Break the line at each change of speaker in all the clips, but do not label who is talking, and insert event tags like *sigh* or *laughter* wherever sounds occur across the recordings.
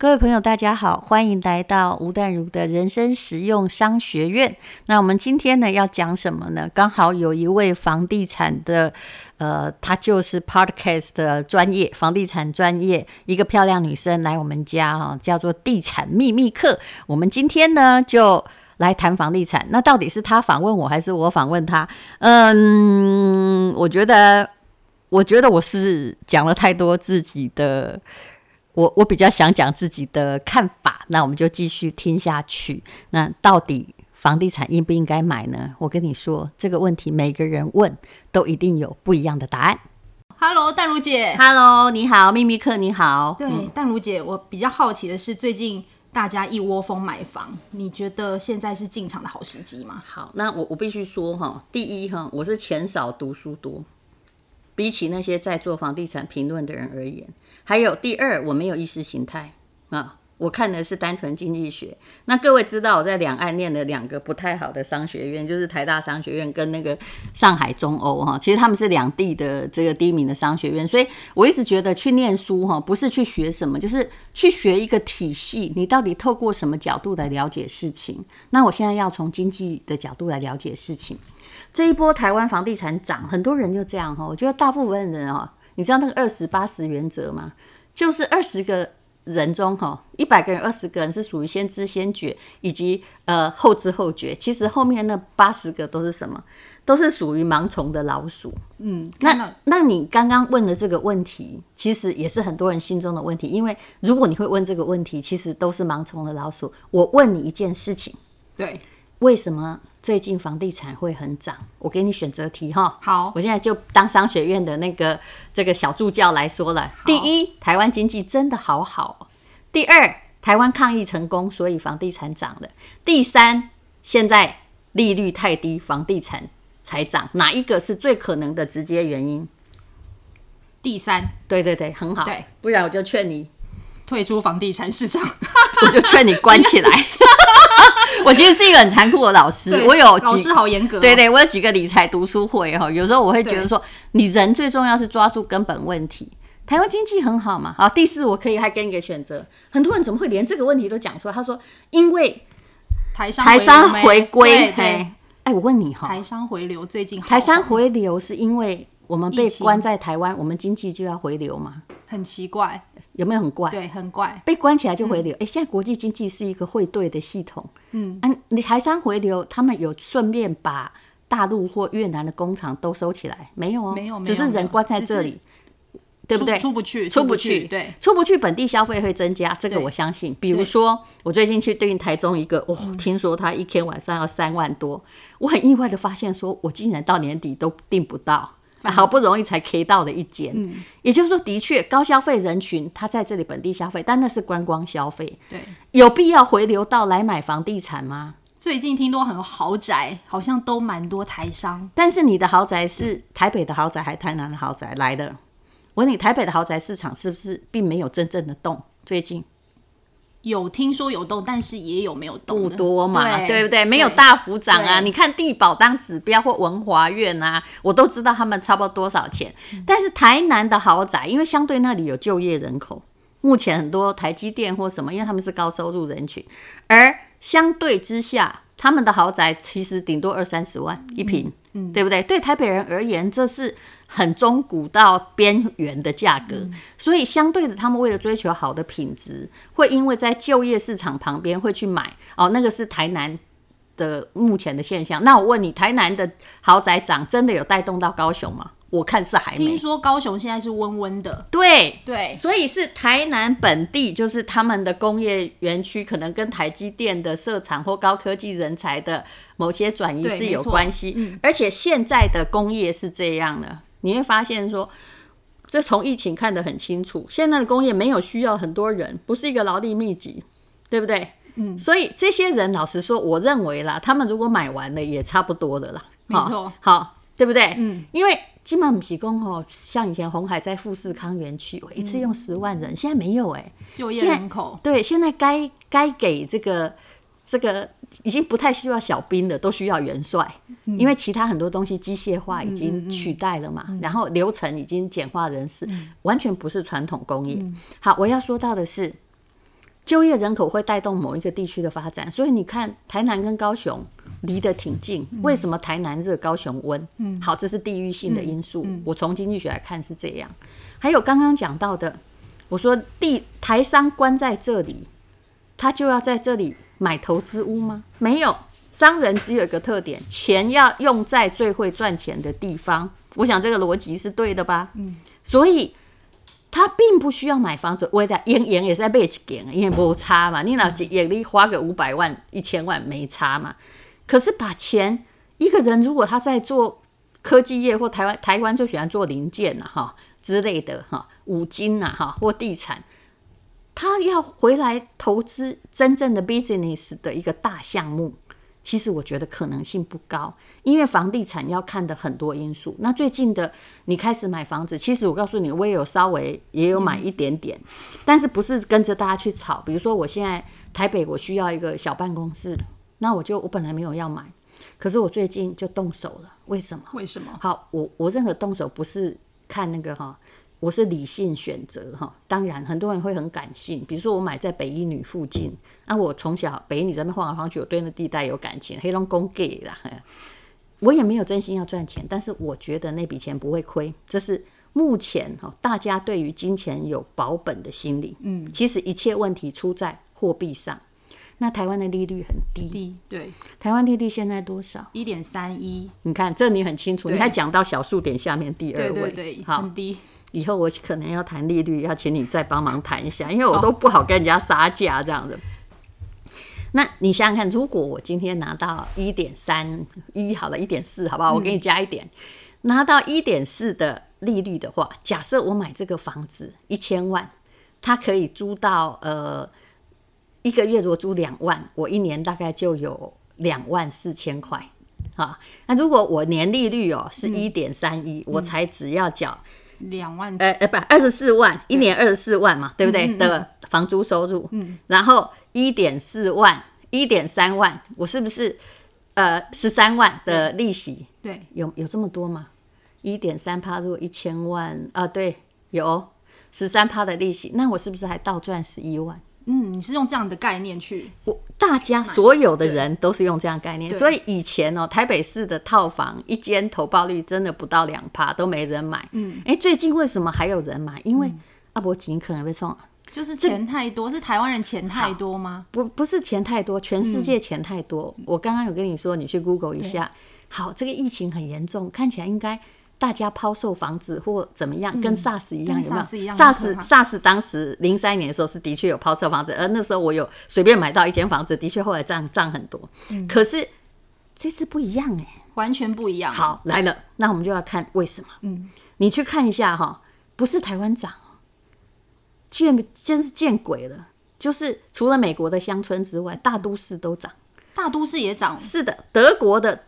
各位朋友，大家好，歡迎來到吳淡如的人生實用商學院。那我們今天呢要講什麼呢？剛好有一位房地產的，呃，她就是 podcast 的專業，房地產專業，一個漂亮女生來我們家哈，叫做地產秘密客。我們今天呢就來談房地產。那到底是她訪問我還是我訪問她？嗯，我覺得，我覺得我是講了太多自己的。我我比較想講自己的看法，那我們就繼續聽下去。那到底房地產應不應該買呢？我跟你說這個問題，每個人問都一定有不一樣的答案。
Hello，淡如姐，Hello，你好，秘密客，你好。對，淡如姐，嗯，我比較好奇的是，最近大家一窩蜂買房，你覺得現在是進場的好
時機嗎？好，那我我必須說哈，第一哈，我是錢少讀書多，比起那些在做房地產評論的人而言。還有第二，我沒有意識形態啊，我看的是單純經濟學。那各位知道我在兩岸念了兩個不太好的商學院，就是台大商學院跟那個上海中歐哈，其實他們是兩地的這個第一名的商學院。所以我一直覺得去念書哈，不是去學什麼，就是去學一個體系，你到底透過什麼角度來了解事情。那我現在要從經濟的角度來了解事情。這一波台灣房地產漲，很多人就這樣哈，我覺得大部分人啊。你知道那個二十八十原則嗎？就是二十個人中，喔，哈，一百個人，二十個人是屬於先知先覺，以及呃，後知後覺。其實後面那八十個都是什麼？都是屬於盲從的老鼠。
嗯，
那那，那你剛剛問的這個問題，其實也是很多人心中的問題。因為如果你會問這個問題，其實都是盲從的老鼠。我問你一件事情，
對，
為什麼？最近房地產會很漲，我給你選擇題哈。好，我現在就當商學院的那個這個小助教來說了。第一，台灣經濟真的好好；第二，台灣抗疫成功，所以房地產漲了；第三，現在利率太低，房地產才漲。哪一個是最可能的直接原因？第三，對對對，很好，對，不然我就勸你退出房地產市場， *laughs* 我就勸你關起來。 *laughs* *laughs* 我其實是一個很殘酷的老師，我有老師好嚴格、喔。對，對對，我有幾個理財讀書會哈，有時候我會覺得說，你人最重要是抓住根本問題。台灣經濟很好嘛。好，第四，我可以還給你一個選擇。很多人怎麼會連這個問題都講出來？他說，因為台商回流。歸，對，哎、欸，我問你哈，台商回流最近台商回流是因為我們被關在台灣，我們經濟就要回流嘛？
很奇怪，
有沒有很怪？對，很怪，被關起來就回流。哎、嗯欸，現在國際經濟是一個匯兌的系統。嗯，你台商回流，他們有順便把大陸或越南的工廠都收起來沒有啊、哦？沒有，只是人關在這裡，這對不對，出出不？出不去，出不去，對，出不去。本地消費會增加，這個我相信。比如說，我最近去訂台中一個，哦，聽說他一天晚上要三萬多、嗯，我很意外的發現說，說我竟然到年底都訂不到。好不容易才 K 到的一間，嗯，也就是說，的確高消費人群他在這裡本地消費，但那是觀光消費，對，有必要回流到來買房地產嗎？
最近聽到很多豪宅，好像都蠻多台商。
但是你的豪宅是台北的豪宅，還是台南的豪宅來的？我問你，台北的豪宅市場是不是並沒有真正的動？最近？
有聽說有動，但是也有沒有動，不多嘛，對，對不對？沒有大
幅漲啊。你看地保當指標或文華苑啊，我都知道他們差不多多少錢，嗯。但是台南的豪宅，因為相對那裡有就業人口，目前很多台積電或什麼，因為他們是高收入人群，而相對之下，他們的豪宅其實頂多二三十萬一坪，嗯，對不對？對台北人而言，這是。很中古到邊緣的價格，所以相對的，他們為了追求好的品質，會因為在就業市場旁邊會去買哦。那個是台南的目前的現象。那我問你，台南的豪宅漲真的有帶動到高雄嗎？我看是還沒。聽
說高雄現在是溫溫的。
對對，所以是台南本地，就是他們的工業園區可能跟台積電的設廠或高科技人才的某些轉移是有關係。嗯，而且現在的工業是這樣的。你會發現說，這從疫情看得很清楚，現在的工業沒有需要很多人，不是一個勞力密集，對不對？嗯，所以這些人老實說，我認為啦，他們如果買完了也差不多的啦，沒錯，好，對不對？嗯，因為基本上不是工哦、喔，像以前鴻海在富士康園區，我一次用十萬人、嗯，現在沒有哎、欸，就業人口對，現在該該給這個。這個已經不太需要小兵了，都需要元帥、嗯，因為其他很多東西機械化已經取代了嘛，嗯嗯、然後流程已經簡化人事，人、嗯、事完全不是傳統工業、嗯。好，我要說到的是，就業人口會帶動某一個地區的發展，所以你看台南跟高雄離得挺近，嗯、為什麼台南熱高雄溫、嗯？好，這是地域性的因素、嗯嗯。我從經濟學來看是這樣。還有剛剛講到的，我說地台商關在這裡，他就要在這裡。買投資屋嗎？沒有，商人只有一個特點，錢要用在最會賺錢的地方。我想這個邏輯是對的吧？嗯，所以他並不需要買房子。我在，盈盈也是在被撿，也沒差嘛。你老也你花個五百萬、一千萬沒差嘛。可是把錢，一個人如果他在做科技業，或台灣台灣就喜歡做零件吶哈之類的哈，五金吶哈或地產。他要回來投資真正的 business 的一個大項目，其實我覺得可能性不高，因為房地產要看的很多因素。那最近的你開始買房子，其實我告訴你，我也有稍微也有買一點點，嗯，但是不是跟着大家去炒。比如說，我現在台北我需要一個小辦公室，那我就我本來沒有要買，可是我最近就動手了。為什麼？為什麼？好，我我任何動手不是看那個哈。哦我是理性選擇哈，當然很多人會很感性，比如說我買在北一女附近，那、啊、我從小北一女在那邊晃來晃去，我對那地帶有感情，黑龍公給的，我也沒有真心要賺錢，但是我覺得那筆錢不會虧，這是目前哈大家對於金錢有保本的心理，嗯，其實一切問題出在貨幣上。那台灣的利率很低，很低對。台灣利率現在多少？一點三一。你看，這你很清楚，你還講到小數點下面第二位，對對對對，好，很低。以後我可能要談利率，要請你再幫忙談一下，因為我都不好跟人家殺價這樣子、哦。那你想想看，如果我今天拿到一點三一，好了，一點四，好不好？我給你加一點，嗯、拿到一點四的利率的話，假設我買這個房子一千萬，它可以租到呃。一個月如果租兩萬，我一年大概就有兩萬四千塊，啊，那如果我年利率哦、喔、是一點三一，我才只要繳兩萬，呃呃，不二十四萬，一年二十四萬嘛，對,對不對的房租收入，嗯嗯嗯、然後一點四萬，一點三萬，我是不是呃十三萬的利息？嗯、對，有有這麼多嗎？一點三趴，如果一千萬啊，對，有十三趴的利息，那我是不是還倒賺十一萬？
嗯，你是用這樣的概念去，我
大家所有的人都是用這樣的概念，所以以前哦、喔，台北市的套房一間投報率真的不到兩趴，都沒人買。嗯，誒、欸，最近為什麼還有人買？因為阿伯錦可能被送。
就是錢太多，是台灣人錢太多嗎？
不，不是錢太多，全世界錢太多。嗯、我剛剛有跟你說，你去 Google 一下，好，這個疫情很嚴重，看起來應該。大家拋售房子或怎麼樣，跟 SARS 一樣，嗯、有沒有、嗯、？SARS SARS 當時零三年的時候是的確有拋售房子，而那時候我有隨便買到一間房子，的確後來漲漲很多。嗯、可是這次不一樣哎、欸，完全不一樣、啊。好來了，那我們就要看為什麼。嗯，你去看一下哈、喔，不是台灣漲，見真是見鬼了。就是除了美國的鄉村之外，大都市都漲、嗯，大都市也漲。是的，德國的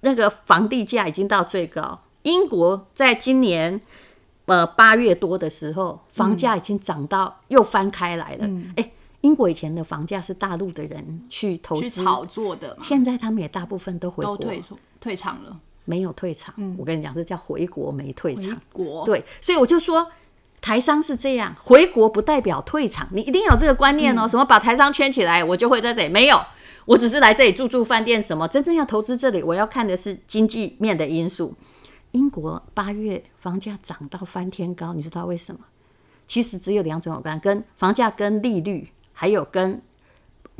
那個房地價已經到最高。英國在今年呃八月多的時候，房價已經漲到、嗯、又翻開來了、嗯欸。英國以前的房價是大陸的人去投資炒作的，現在他們也大部分都回國都退退場了，沒有退場。嗯、我跟你講，這叫回國沒退場。回國對，所以我就說台商是這樣，回國不代表退場，你一定有這個觀念哦、嗯。什麼把台商圈起來，我就會在這裡？沒有，我只是來這裡住住飯店。什麼真正要投資這裡，我要看的是經濟面的因素。英國八月房價漲到翻天高，你知道為什麼？其實只有兩種有關，跟房價、跟利率，還有跟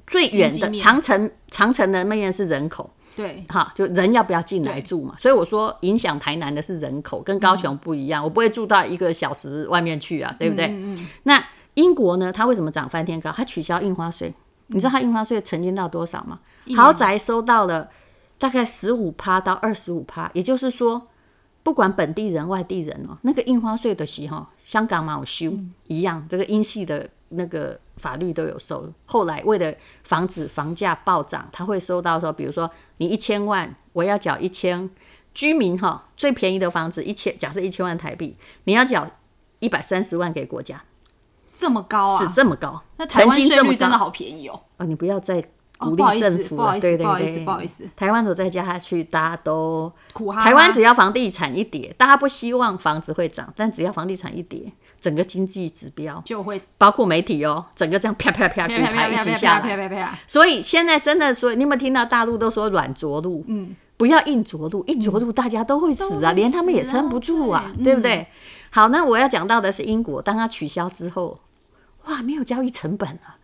最遠的長城、長城的，那也是人口。
對，
哈，就人要不要進來住嘛？所以我說，影響台南的是人口，跟高雄不一樣、嗯，我不會住到一個小時外面去啊，嗯、對不對嗯嗯？那英國呢，它為什麼漲翻天高？它取消印花稅、嗯，你知道它印花稅曾經到多少嗎、啊？豪宅收到了大概十五趴到二十五趴，也就是說。不管本地人、外地人哦，那個印花稅的時候，香港嘛，我修一樣，這個英系的那個法律都有收。後來為了防止房價暴漲，他會收到說，比如說你一千萬，我要繳一千。居民哈、哦，最便宜的房子一千，1, 000, 假設一千萬台幣，你要繳一百三十萬給國家。
這麼高啊？是
這麼高？那台灣稅率真的好便宜哦。啊、呃，你不要再。鼓勵政府，不好意思，不好意思，台灣都在加下去，大家都台灣只要房地產一跌，大家不希望房子會漲，但只要房地產一跌，整個經濟指標就會包括媒體哦，整個這樣啪啪啪啪啪一直下，啪啪啪。所以現在真的說，你有沒有聽到大陸都說軟着陸，嗯，不要硬着陸，硬着陸大家都會死啊，連他們也撐不住啊，對不對？好，那我要講到的是英國，當它取消之後，哇，沒有交易成本啊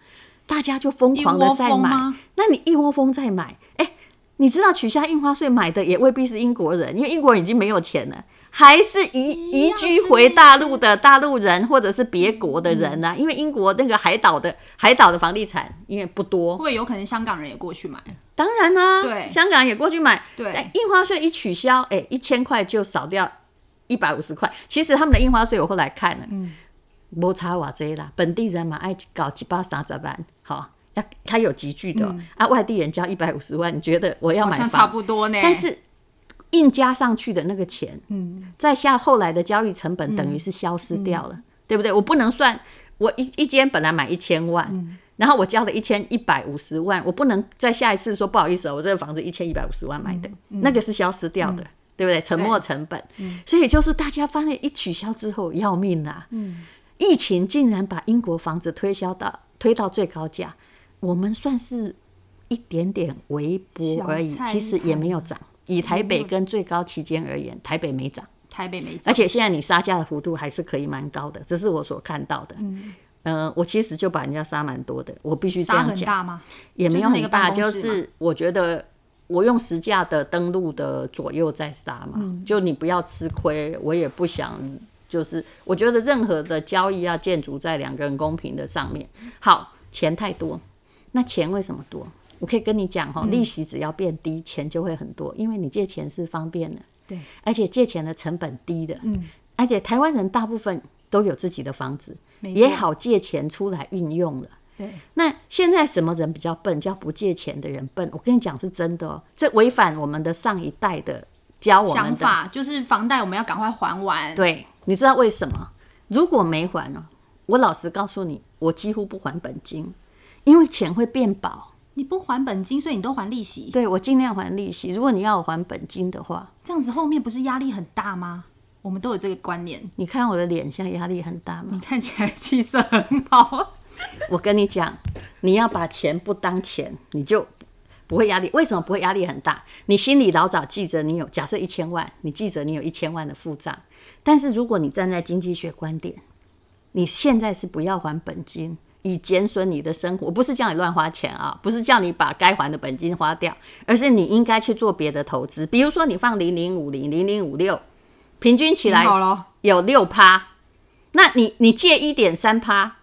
大家就瘋狂的在買，窩那你一窩蜂在買，哎、欸，你知道取消印花稅買的也未必是英國人，因為英國人已經沒有錢了，還是移移居回大陸的大陸人，或者是別國的人呢、啊嗯？因為英國那個海島的海島的房地產，因為不多，
會有可能香港人也過去買，
當然啦、啊，對，香港也過去買，對，欸、印花稅一取消，哎、欸，一千塊就少掉一百五十塊，其實他們的印花稅我後來看了，嗯。摩擦瓦這啦，本地人嘛愛搞七八三咋辦？哈、哦，他他有急聚的、哦嗯、啊。外地人交一百五十萬，你覺得我要買好像差不多呢？但是硬加上去的那個錢，嗯，再下後來的交易成本等於是消失掉了，嗯嗯、對不對？我不能算我一一間本來買一千萬、嗯，然後我交了一千一百五十萬，我不能再下一次說不好意思、哦、我這個房子一千一百五十萬買的、嗯嗯，那個是消失掉的，嗯、對不對？沉沒成本，所以就是大家發現一取消之後要命啊，嗯。疫情竟然把英國房子推銷到推到最高價，我們算是一點點微薄而已，其實也沒有漲。以台北跟最高期間而言，台北沒漲，
台北沒漲。而且現
在你殺價的幅度還是可以蠻高的，這是我所看到的。嗯，我其實就把人家殺蠻多的，我必須這樣講。大嗎？
也沒有很大，就是
我覺得我用實價的登錄的左右在殺嘛，就你不要吃虧，我也不想。就是我覺得任何的交易要建築在兩個人公平的上面。好，錢太多，那錢為什麼多？我可以跟你講哈，哦，嗯，利息只要變低，錢就會很多，因為你借錢是方便的，對，而且借錢的成本低的，嗯，而且台灣人大部分都有自己的房子，也好借錢出來運用了，對。那現在什麼人比較笨？叫不借錢的人笨。我跟你講是真的哦，這違反我們的上一代的。想法
就是房貸，我們要趕快還完。對，
你知道為什麼？如果沒還呢？我老實告訴你，我幾乎不還本金，因為錢會變薄。
你不還本金，所以你都還利息。
對，我盡量還利息。如果你要我還本金的話，
這樣子後面不是壓力很大嗎？我們都有這個觀
念。你看我的臉現在壓力很大嗎？你看起來氣色很好。 *laughs* 我跟你講，你要把錢不當錢，你就。不會壓力，為什麼不會壓力很大？你心裡老早記着你有，假設一千萬，你記着你有一千萬的負債。但是如果你站在經濟學觀點，你現在是不要還本金，以減損你的生活。我不是叫你亂花錢啊，不是叫你把該還的本金花掉，而是你應該去做別的投資。比如說你放零零五零、零零五六，平均起來有六趴。那你你借一點三趴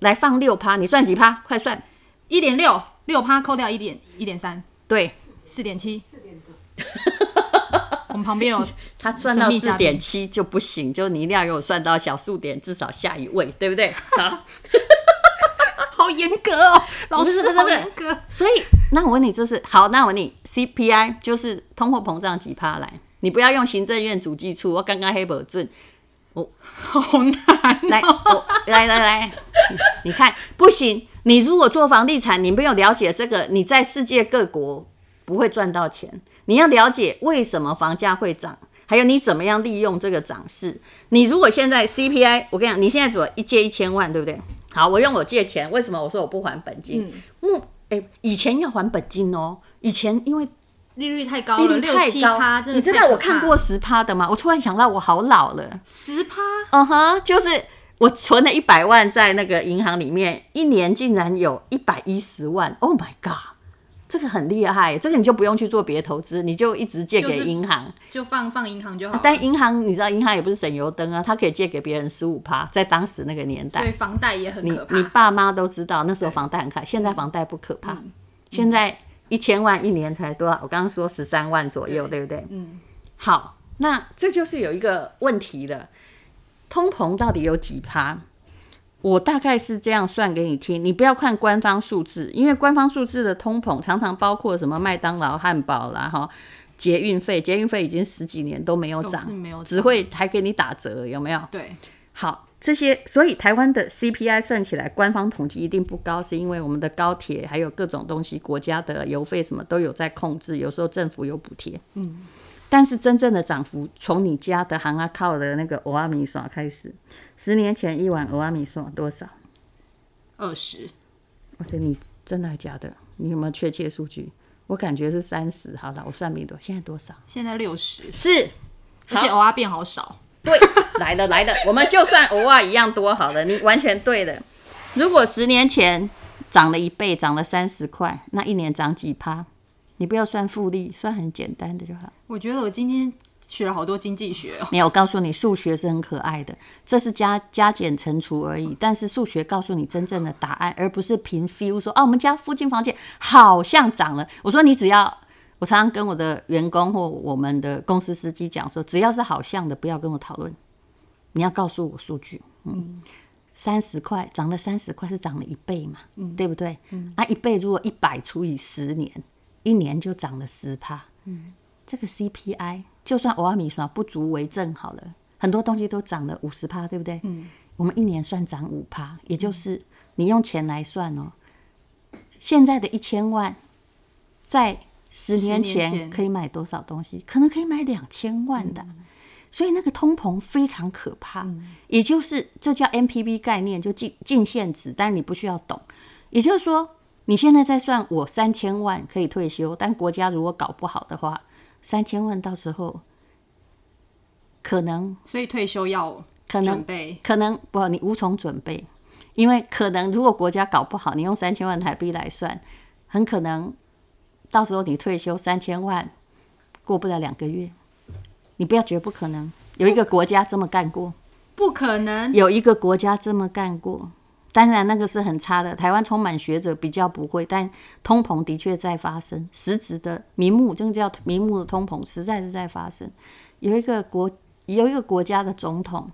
來放六趴，你算幾趴？快算，一點六。六趴扣掉一點一點三，對，四點
七。
*laughs* 我們旁邊有 *laughs* 他算到四點七就不行，就你一定要給我算到小數點至少下一位，對不對？ *laughs* *laughs* 好，嚴格哦，老師好嚴格。所以那我問你，這是好，那我問你，CPI 就是通貨膨脹幾趴來？你不要用行政院主計處，我剛剛黑板證，我好難、哦來我。來來來來， *laughs* 你看不行。你如果做房地產，你沒有了解這個，你在世界各國不會賺到錢。你要了解為什麼房價會漲，還有你怎麼樣利用這個漲勢。你如果現在 CPI，我跟你講，你現在只有一借一千萬，對不對？好，我用我借錢，為什麼我說我不還本金？嗯，木、欸、以前要還本金哦、喔，以前因為利率
太高了，利率太高。六七趴，你知道我看過
十趴的嗎？我突然想到，我好老了，十趴，嗯哼，就是。我存了一百萬在那個銀行裡面，一年竟然有一百一十萬！Oh my god，這個很厲害，這個你就不用去做別的投資，你就一直借給銀行，就、
是、就放放銀行就好、啊。但
銀行，你知道銀行也不是省油燈啊，它可以借給別人十五趴，在當時那個年代，所以
房貸也很可怕。你
你爸媽都知道那時候房貸很可怕，現在房貸不可怕，嗯嗯、現在一千萬一年才多少？我剛剛說十三萬左右，對，對不對，對？嗯，好，那這就是有一個問題了。通膨到底有幾趴？我大概是這樣算給你聽，你不要看官方數字，因為官方數字的通膨常常包括什麼麥當勞漢堡啦，哈、喔，捷運費，捷運費已經十幾年都沒有漲，沒有，只會還給你打折，有沒有？
對，
好，這些，所以台灣的 CPI 算起來，官方統計一定不高，是因為我們的高鐵還有各種東西，國家的油費什麼都有在控制，有時候政府有補貼，嗯。但是真正的漲幅從你家的巷仔、啊、口的那個蚵仔麵線開始，十年前一碗蚵仔麵線多少？
二十？
哇塞，你真的還假的？你有沒有確切數據？我感覺是三十。好了，我算沒多，現在多少？現在六十四。而且蚵仔變好少。對， *laughs* 來了來了，我們就算蚵仔一樣多好了。你完全對的。如果十年前漲了一倍，漲了三十塊，那一年漲幾趴？你不要算複利，算很簡單的就好。
我覺得我今天學了好多經濟學、哦。沒
有，告訴你，數學是很可愛的，這是加加減乘除而已。但是數學告訴你真正的答案，嗯、而不是憑 feel 說。啊。我們家附近房價好像漲了。我說，你只要我常常跟我的員工或我們的公司司機講說，只要是好像的，不要跟我討論。你要告訴我數據。嗯，三十塊漲了三十塊，長塊是漲了一倍嘛、嗯？對不對？嗯，啊，一倍如果一百除以十年，一年就漲了十趴。嗯。這個 CPI 就算我阿米說不足為證好了，很多東西都漲了五十趴，對不對、嗯？我們一年算漲五趴，也就是你用錢來算哦、喔嗯。現在的一千萬，在十年前可以買多少東西？可能可以買兩千萬的、嗯，所以那個通膨非常可怕。嗯、也就是這叫 NPV 概念，就淨淨現值，但你不需要懂。也就是說，你現在在算我三千萬可以退休，但國家如果搞不好的話。三千萬到時候可能，
所以退休要
可能可能不，你無從準備，因為可能如果國家搞不好，你用三千萬台幣來算，很可能到時候你退休三千萬過不了兩個月，你不要覺得不可能，有一個國家這麼幹過，
不可能，有一
個國家這麼幹過。當然，那個是很差的。台灣充滿學者，比較不會，但通膨的確在發生，實質的、名目，真的叫名目的通膨，實在是在發生。有一個國，有一個國家的總統，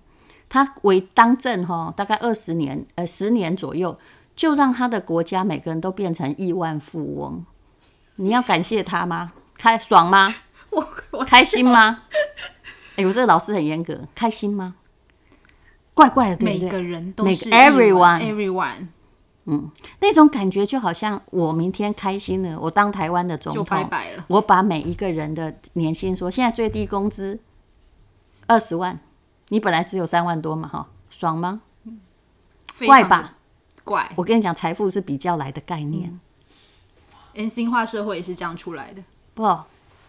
他為當政哈、哦，大概二十年，呃，十年左右，就讓他的國家每個人都變成億萬富翁。你要感謝他嗎？開爽嗎？我，我開心嗎？哎，我這個老師很嚴格，開心嗎？怪怪的，對不對？每個人都是 everyone, 每個，每 everyone,
everyone，everyone，
嗯，那種感覺就好像我明天開心了，我當台灣的總統，就拜拜了。我把每一個人的年薪說，現在最低工資二十萬，你本來只有三萬多嘛，哈，爽嗎？嗯、怪，怪吧，
怪。
我跟你講，財富是比較來的概念，
人、嗯、性化社會也是這
樣出來的。不，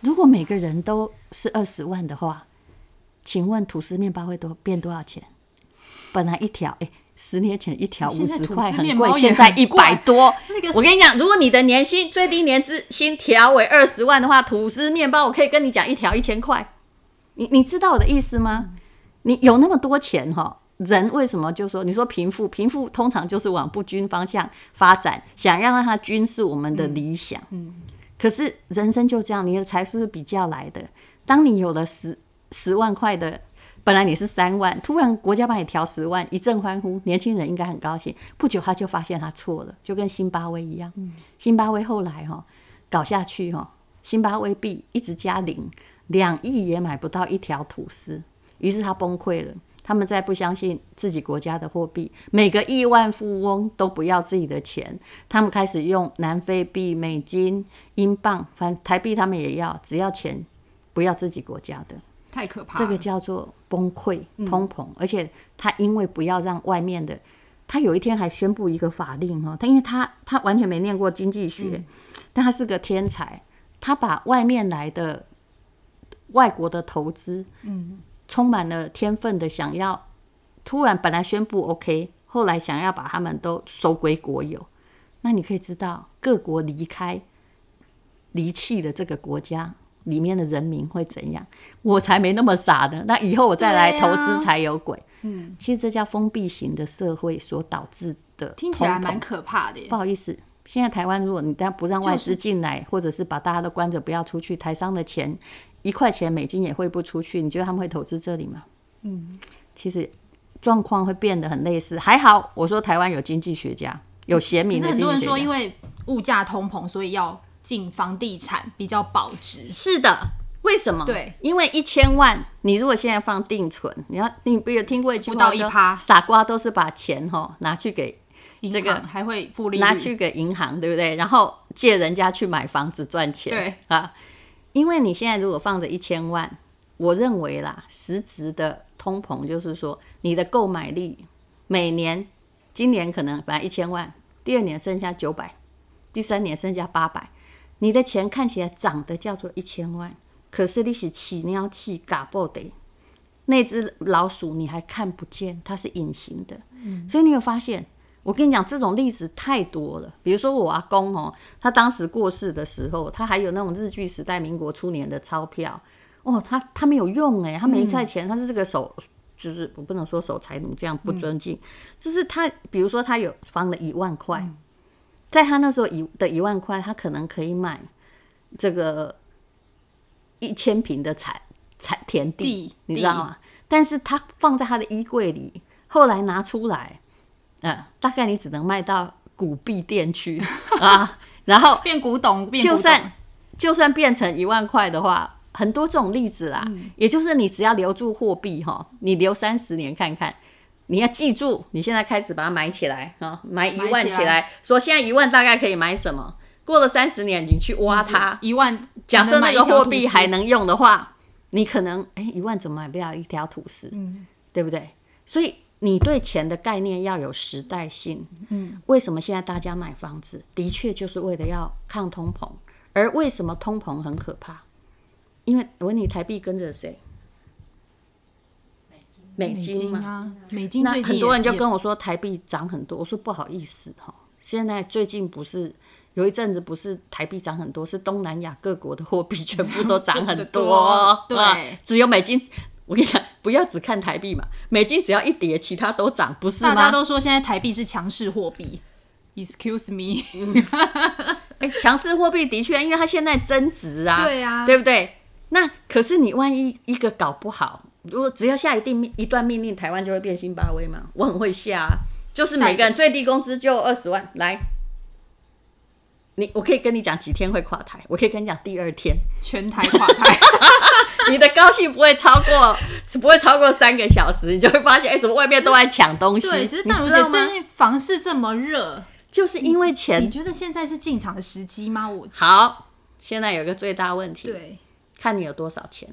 如果每個人都是二十萬的話，請問吐司麵包會多變多少錢？本來一條誒、欸，十年前一條五十塊很貴，現在一百多。那個、我跟你講，如果你的年薪最低年資薪調為二十萬的話，吐司麵包我可以跟你講一條一千塊。你你知道我的意思嗎？嗯、你有那麼多錢哈？人為什麼就說你說貧富？貧富通常就是往不均方向發展，想要讓它均是我們的理想、嗯嗯。可是人生就這樣，你的財富是比較來的。當你有了十十萬塊的。本來你是三萬，突然國家把你調十萬，一陣歡呼，年輕人應該很高興。不久他就發現他錯了，就跟辛巴威一樣。嗯、辛巴威後來哈、哦、搞下去哈、哦，辛巴威幣一直加零，兩億也買不到一條吐司，於是他崩潰了。他們再不相信自己國家的貨幣，每個億萬富翁都不要自己的錢，他們開始用南非幣、美金、英鎊，反正台幣他們也要，只要錢，不要自己國家的。
太可怕！這個叫
做崩潰、通膨、嗯，而且他因為不要讓外面的，他有一天還宣布一個法令哦。他因為他他完全沒念過經濟學、嗯，但他是個天才，他把外面來的外國的投資，嗯，充滿了天分的想要，突然本來宣布 OK，後來想要把他們都收歸國有，那你可以知道各國離開離棄了這個國家。裡面的人民會怎樣？我才沒那麼傻呢。那以後我再來投資才有鬼，啊。嗯，其實這叫封閉型的社會所導致的通膨，聽起來蠻可
怕的。不好
意思，現在台灣如果你但不讓外資進來，就是，或者是把大家都關着不要出去，台商的錢一塊錢美金也匯不出去。你覺得他們會投資這裡嗎？嗯，其實狀況會變得很類似。還好，我說台灣有經濟學家，有賢明的經濟學家。很多人
說，因為物價通膨，所以要。進房地產比較保值，是
的。為什麼？對，因為一千萬，你如果現在放定存，你要，你比如聽過一句話不到一趴，傻瓜都是把錢齁拿去給這個，銀行
還會付利，拿去
給銀行，對不對？然後借人家去買房子賺錢，對啊。因為你現在如果放着一千萬，我認為啦，實質的通膨就是說，你的購買力每年，今年可能本來一千萬，第二年剩下九百，第三年剩下八百。你的錢看起來漲的叫做一千萬，可是利息起尿起嘎爆的，那只老鼠你還看不見，它是隱形的，嗯。所以你有發現？我跟你講，這種例子太多了。比如說我阿公哦，喔，他當時過世的時候，他還有那種日據時代、民國初年的鈔票哦，喔，他他沒有用哎，欸，他每一塊錢、嗯，他是這個守，就是我不能說守財奴這樣不尊敬、嗯，就是他，比如說他有放了一萬塊。嗯在他那時候一的一萬塊，他可能可以買這個一千坪的產產田地，你知道嗎？但是他放在他的衣櫃裡，後來拿出來，嗯，大概你只能賣到古幣店去 *laughs* 啊。然後變古，變古董，就算就算變成一萬塊的話，很多這種例子啦。嗯、也就是你只要留住貨幣哈，你留三十年看看。你要記住，你現在開始把它買起來啊，買一萬起來，買起來，說現在一萬大概可以買什麼？過了三十年，你去挖它一、嗯、萬，假設那個貨幣還能用的話，你可能哎一、欸、萬怎麼買不了一條土司、嗯，對不對？所以你對錢的概念要有時代性。嗯，為什麼現在大家買房子，的確就是為了要抗通膨？而為什麼通膨很可怕？因為我問你台幣跟着誰？美金
嘛，美金，美金。那很多人就跟我
說台幣漲很多，我說不好意思哈，現在最近不是有一陣子不是台幣漲很多，是東南亞各國的貨幣全部都漲很多， *laughs* 多，對，只有美金，我跟你講，不要只看台幣嘛，美金只要一跌，其他都漲，不是嗎？大家都說
現在台幣是強勢貨幣，Excuse me，
哎，強勢貨幣的確，因為它現在增值啊，對啊，對不對？那可是你萬一一個搞不好。如果只要下一定命一段命令，台灣就會變辛巴威嘛？我很會下、啊，就是每個人最低工資就二十萬。來，你我可以跟你講幾天會垮台，我可以跟你講第二天全台垮台。 *laughs* *laughs* 你的高興不會超過， *laughs* 只不會超過三個小時，你就會發現，哎、欸，怎麼外面都在搶東西？對，只是你而且
最近房市這麼熱，
就是因為錢。你覺
得現在是進場的時機嗎？我
好，現在有一個最大問題，對，看你有多少錢。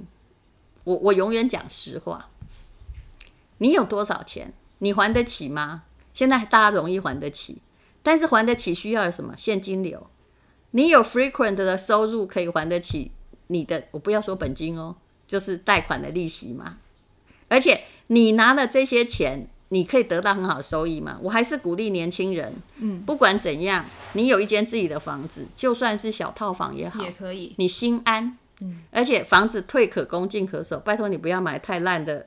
我我永遠講實話。你有多少錢？你還得起嗎？現在大家容易還得起，但是還得起需要有什麼？現金流。你有 frequent 的收入可以還得起你的，我不要說本金哦，就是貸款的利息嗎？而且你拿了這些錢，你可以得到很好的收益嗎？我還是鼓勵年輕人，嗯。不管怎樣，你有一間自己的房子，就算是小套房也好，也可以，你心安。而且房子退可攻，進可守，拜託你不要買太爛的，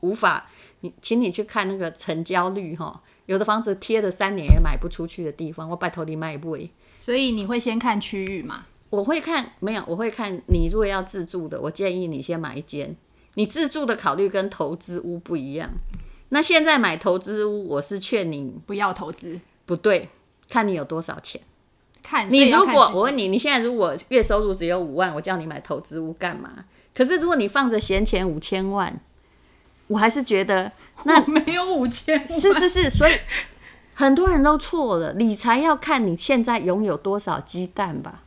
無法你，請你去看那個成交率哈、哦，有的房子貼了三年也買不出去的地方，我拜託你買不？步。所以你會先看區域嗎？我會看，沒有，我會看你如果要自住的，我建議你先買一間。你自住的考慮跟投資屋不一樣。那現在買投資屋，我是勸你不要投資，不對，看你有多少錢。
你如果我問
你，你現在如果月收入只有五萬，我叫你買投資屋幹嘛？可是如果你放着閒錢五千萬，我還是覺得那我沒有五千萬，是是是，所以 *laughs* 很多人都錯了。理財要看你現在擁有多少雞蛋吧，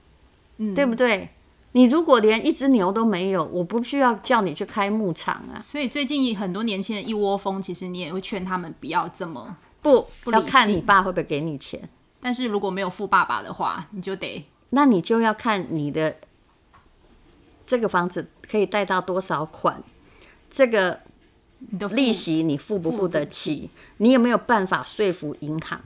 嗯，對不對？你如果連一只牛都沒有，我不需要叫你去開牧場啊。
所以最近很多年輕人一窩蜂，其實你也會勸他們不要這麼不理性。
不，不要看你爸會不會給你錢。
但是如果沒有富爸爸的話，你就得……
那你就要看你的這個房子可以貸到多少款，這個利息你付不付得起你付付？你有沒有辦法說服銀行？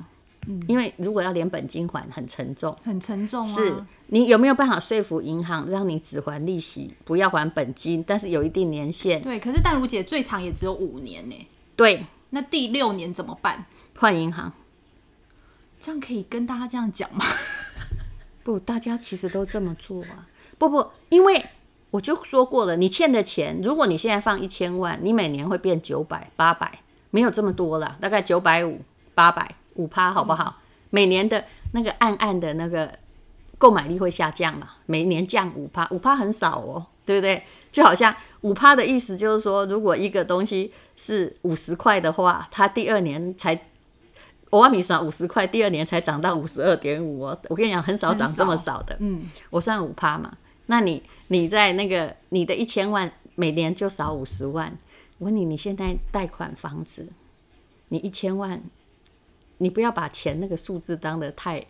嗯，因為如果要連本金還很沉重，很沉重啊。是你有沒有辦法說服銀行讓你只還利息，不要還本金，但是有一定年限。
對，可是淡如姐最長也只有五年呢。
對，那第六年怎麼辦？換銀行。這樣可以跟大家這樣講嗎？不，大家其實都這麼做啊。不不，因為我就說過了，你欠的錢，如果你現在放一千萬，你每年會變九百八百，沒有這麼多了，大概九百五八百五趴，好不好？每年的那個暗暗的那個購買力會下降嘛？每年降五趴，五趴很少哦、喔，對不對？就好像五趴的意思就是說，如果一個東西是五十塊的話，它第二年才。我按你算五十塊，第二年才漲到五十二點五。我跟你講，很少漲這麼少的。少嗯，我算五趴嘛。那你你在那個你的一千萬，每年就少五十萬。我問你，你現在貸款房子，你一千萬，你不要把錢那個數字當得太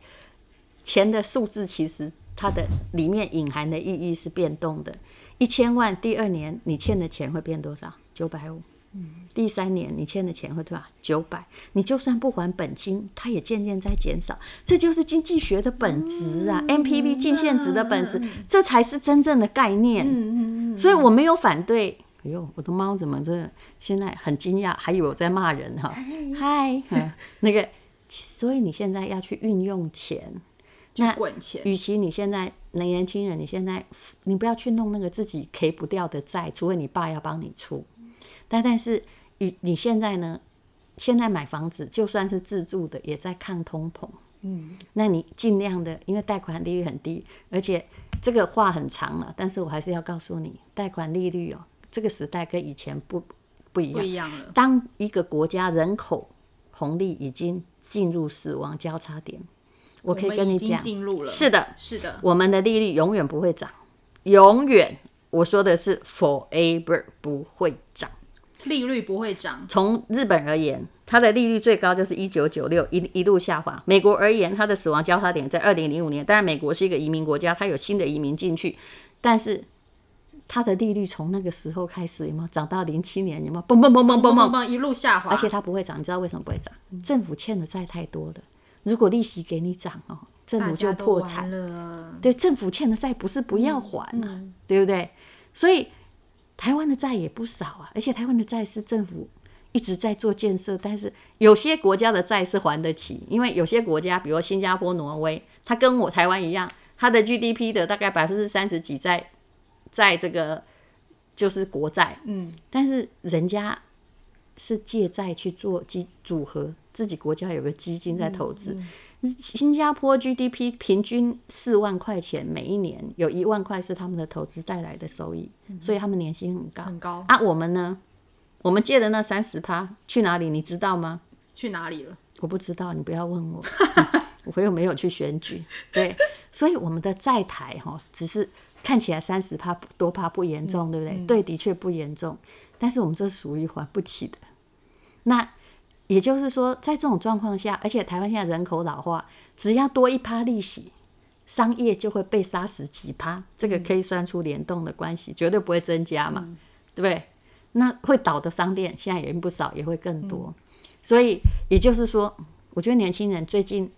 錢的數字，其實它的裡面隱含的意義是變動的。一千萬，第二年你欠的錢會變多少？九百五。第三年你欠的錢會多少？九百，你就算不還本金，它也漸漸在減少。這就是經濟學的本質啊，NPV 淨現值的本質，嗯，這才是真正的概念。嗯嗯嗯。所以我沒有反對。哎呦，我的貓怎麼這？現在很驚訝，還以為我在罵人哈。嗨，嗨 *laughs* 那個，所以你現在要去運用錢，去滾錢那。與其你現在，年輕人，你現在你不要去弄那個自己 K 不掉的債，除非你爸要幫你出。但但是你你現在呢？現在買房子就算是自住的，也在抗通膨。嗯，那你盡量的，因為貸款利率很低，而且這個話很長了。但是我還是要告訴你，貸款利率哦，這個時代跟以前不不一樣。不一樣了。當一個國家人口紅利已經進入死亡交叉點，我可以跟你講，進入了。是的，是的，我們的利率永遠不會漲，永遠。我說的是 forever 不會漲。
利率不會漲。從
日本而言，它的利率最高就是 1996, 一九九六，一一路下滑。美國而言，它的死亡交叉點在二零零五年。當然，美國是一個移民國家，它有新的移民進去，但是它的利率從那個時候開始有沒有漲到零七年？有沒有嘣嘣嘣嘣嘣嘣一路下滑？而且它不會漲，你知道為什麼不會漲、嗯？政府欠的債太多了。如果利息給你漲哦，政府就破產了。對，政府欠的債不是不要還啊、嗯嗯，對不對？所以。台灣的債也不少啊，而且台灣的債是政府一直在做建設，但是有些國家的債是還得起，因為有些國家，比如新加坡、挪威，它跟我台灣一樣，它的 GDP 的大概百分之三十幾在在這個就是國債，嗯，但是人家是借債去做基組合，自己國家有個基金在投資。嗯嗯新加坡 GDP 平均四萬塊錢每一年，有一萬塊是他們的投資帶來的收益，嗯，所以他們年薪很高，很高啊。我們呢，我們借的那三十趴去哪裡？你知道嗎？
去哪裡了？
我不知道，你不要問我， *laughs* 嗯、我又沒有去選舉，對，所以我們的債台哈，只是看起來三十趴多趴不嚴重，嗯，對不對？嗯、對，的確不嚴重，但是我們這屬於還不起的，那。也就是說，在這種狀況下，而且台灣現在人口老化，只要多一趴利息，商業就會被殺死幾趴。這個可以算出聯動的關係、嗯，絕對不會增加嘛，嗯、對不對？那會倒的商店現在也不少，也會更多。嗯、所以也就是說，我覺得年輕人最近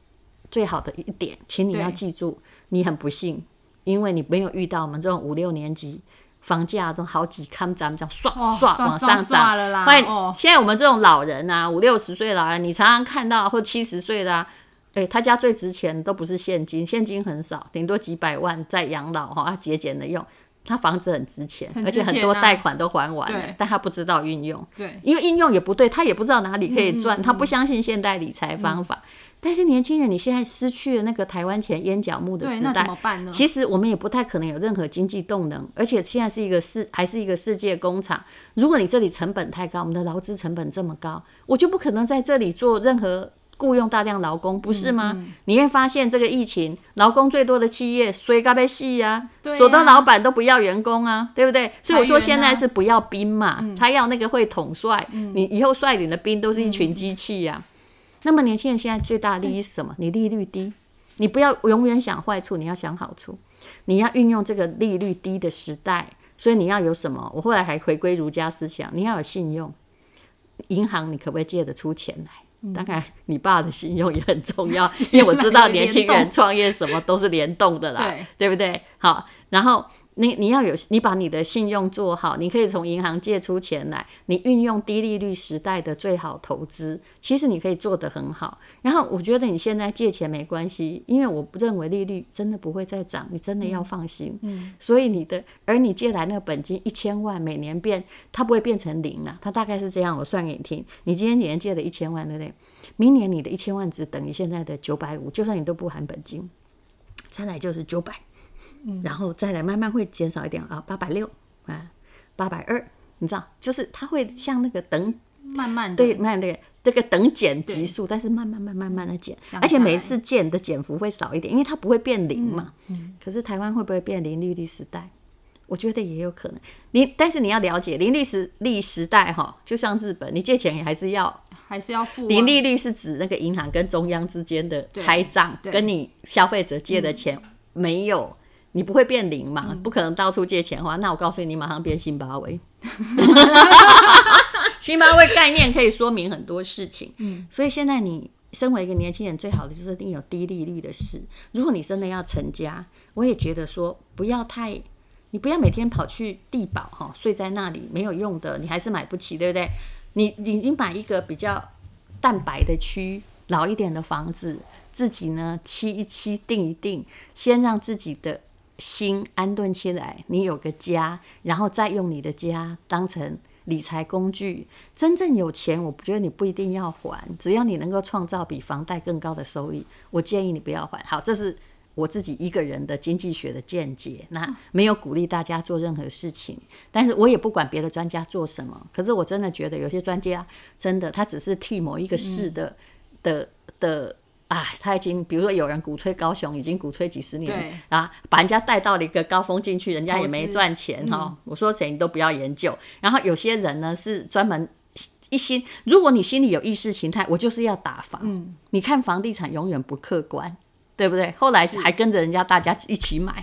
最好的一點，請你要記住，你很不幸，因為你沒有遇到我們這種五六年級。房價都好幾堪咱我們叫刷刷往上漲。哎，現在我們這種老人吶、啊，五六十歲老人，你常常看到或七十歲的、啊，哎、欸，他家最值錢都不是現金，現金很少，頂多幾百萬在養老哈，啊，節儉的用。他房子很值錢，很值錢啊，而且很多貸款都還完了，但他不知道運用。因為運用也不對，他也不知道哪裡可以賺、嗯嗯嗯，他不相信現代理財方法，嗯嗯。但是年輕人，你現在失去了那個台灣錢淹腳目的時代，那怎麼辦呢？其實我們也不太可能有任何經濟動能，而且現在是一個世還是一個世界工廠。如果你這裡成本太高，我們的勞資成本這麼高，我就不可能在這裡做任何。僱傭大量勞工不是嗎、嗯嗯。你會發現，這個疫情勞工最多的企業，所以該被洗啊，所有的、啊、老闆都不要員工啊，對不對？啊、所以我說，現在是不要兵嘛，嗯、他要那個會統帥、嗯。你以後率領的兵都是一群機器呀、啊嗯嗯嗯嗯。那麼年輕人現在最大的利益是什麼？你利率低，你不要永遠想壞處，你要想好處，你要運用這個利率低的時代。所以你要有什麼？我後來還回歸儒家思想，你要有信用，銀行你可不可以借得出錢來？大概你爸的信用也很重要， *laughs* 因為我知道年輕人創業什麼都是聯動的啦 *laughs* 對，對不對？好，然後。你你要有，你把你的信用做好，你可以從銀行借出錢來，你運用低利率時代的最好投資，其實你可以做得很好。然後我覺得你現在借錢沒關係，因為我不認為利率真的不會再漲，你真的要放心。嗯，嗯，所以你的，而你借來那個本金一千萬，每年變，它不會變成零了，它大概是這樣，我算給你聽。你今天年借的一千萬，對不對？明年你的一千萬只等於現在的九百五，就算你都不含本金，再來就是九百。嗯，然後再來慢慢會減少一點啊，八百六啊，八百二，你知道，就是它會像那個等慢慢的對，慢的這個等減級數，但是慢慢慢慢慢的減，而且每次減的減幅會少一點，因為它不會變零嘛嗯。嗯。可是台灣會不會變零利率時代？我覺得也有可能。你但是你要了解零利率時，時代哈，就像日本，你借錢也還是要
還是要付，啊，零利率
是指那個銀行跟中央之間的拆賬，跟你消費者借的錢沒有。嗯你不會變零嘛？不可能到處借錢花。嗯、那我告訴你，你馬上變辛巴威。辛 *laughs* *laughs* 巴威概念可以說明很多事情。嗯，所以現在你身為一個年輕人，最好的就是一定有低利率的事。如果你真的要成家，我也覺得說不要太，你不要每天跑去帝寶哈、哦、睡在那裡沒有用的，你還是買不起，對不對？你你你買一個比較蛋白的區，老一點的房子，自己呢漆一漆釘一釘，先讓自己的。心安頓起來，你有個家，然後再用你的家當成理財工具。真正有錢，我覺得你不一定要還，只要你能夠創造比房貸更高的收益，我建議你不要還。好，這是我自己一個人的經濟學的見解，那沒有鼓勵大家做任何事情，但是我也不管別的專家做什麼。可是我真的覺得有些專家真的，他只是替某一個市的的、嗯、的。的哎、啊，他已經比如說有人鼓吹高雄，已經鼓吹幾十年啊，把人家帶到了一個高峰進去，人家也沒賺錢哈、哦嗯。我說誰你都不要研究。然後有些人呢是專門一心，如果你心裡有意識形態，我就是要打房。嗯、你看房地產永遠不客觀，對不對？後來還跟着人家大家一起買，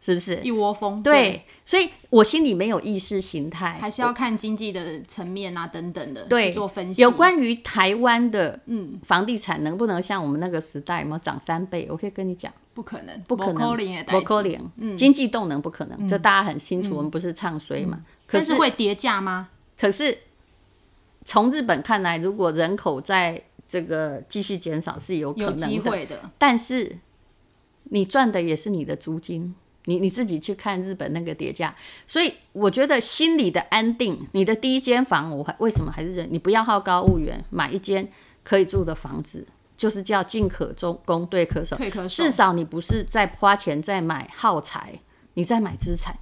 是，是不是一窩蜂？對。對所以我心裡沒有意識形態，還是要
看經濟的層面啊，等等的，對做分析。有關
於台灣的嗯房地產能不能像我們那個時代，有沒有漲三倍，嗯？我可以跟你講，
不可能，不可能，不可能，不可能。
經濟動能不可能，嗯，這大家很清楚。我們不是唱衰嘛？嗯、可是，但是會跌價嗎？可是從日本看來，如果人口在這個繼續減少，是有可能的。機會的，但是你賺的也是你的租金。你你自己去看日本那個跌價。所以我覺得心裡的安定，你的第一間房，我還為什麼還是人？你不要好高騖遠，買一間可以住的房子，就是叫進可中攻，退可守。退可，可守。至少你不是在花錢在買耗材，你在買資產。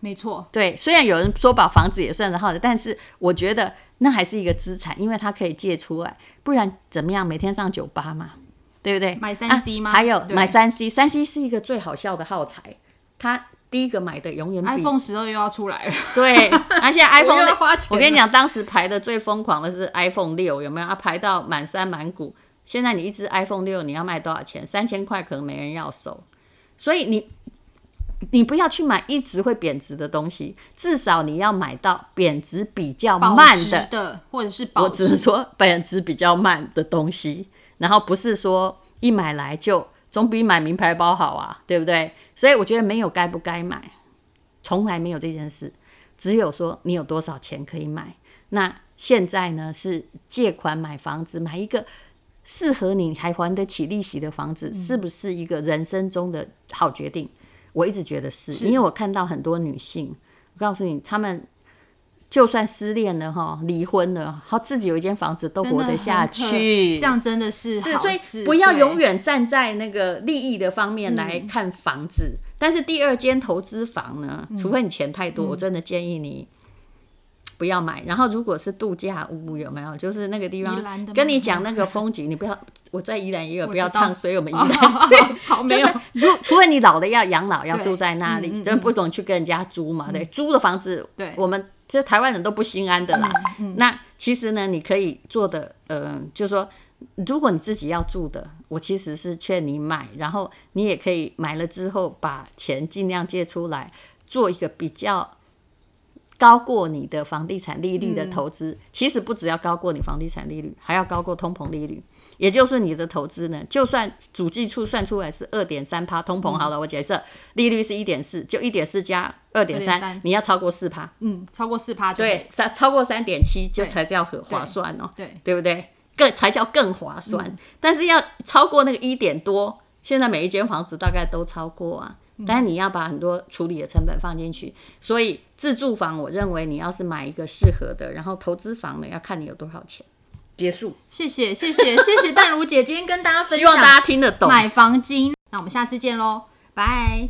沒錯。對，雖然有人說把房子也算的耗材，但是我覺得那還是一個資產，因為它可以借出來，不然怎麼樣？每天上酒吧嘛，對不對？買三 C 嗎、啊？還有買三 C，三 C 是一個最好笑的耗材。他第一個買的永遠。iPhone 十二又要出來了。 *laughs* 對，而且 iPhone，我跟你講，當時排的最瘋狂的是 iPhone 六，有沒有？啊？排到滿山滿谷。現在你一支 iPhone 六，你要賣多少錢？三千塊可能沒人要收。所以你，你不要去買一直會貶值的東西，至少你要買到貶值比較慢的，保值的，
或者是保值，我只能說
貶值比較慢的東西，然後不是說一買來就。總比買名牌包好啊，對不對？所以我覺得沒有該不該買，從來沒有這件事，只有說你有多少錢可以買。那現在呢，是借款買房子，買一個適合你還還得起利息的房子，嗯，是不是一個人生中的好決定？我一直覺得是，是因為我看到很多女性，我告訴你，她們。就算失戀了哈，離婚了，他自己有一間房子都活得下去，這樣真
的是好，所以不要永遠
站在那個利益的方面來看房子。但是第二間投資房呢、嗯，除非你錢太多、嗯，我真的建議你不要買。嗯、然後如果是度假屋有沒有？就是那個地方，跟你講那個風景，你不要。我在宜蘭也有，不要唱衰我們宜蘭，好沒有。除除非你老了要養老，要住在那裡，真、嗯、不懂去跟人家租嘛？對，嗯、對租的房子，對，對我們。就台灣人都不心安的啦，嗯嗯。那其實呢，你可以做的，呃，就是說，如果你自己要住的，我其實是勸你買，然後你也可以買了之後把錢盡量借出來，做一個比較。高過你的房地產利率的投資，嗯，其實不只要高過你房地產利率，還要高過通膨利率。也就是你的投資呢，就算主計處算出來是二點三趴通膨，好了，嗯，我解釋利率是一點四，就一點四加二點三，你要超過四趴。嗯，超過四趴對，三超過三點七就才叫很划算哦、喔。對，對不對？更才叫更划算，嗯，但是要超過那個一點多，現在每一間房子大概都超過啊。但你要把很多處理的成本放進去，所以自住房，我認為你要是買一個適合的，然後投資房呢，要看你有多少錢。結束，謝謝謝謝 *laughs* 謝謝
淡如姐今天跟大家分享，希望大家聽得
懂買房金。那我
們下次見嘍，拜。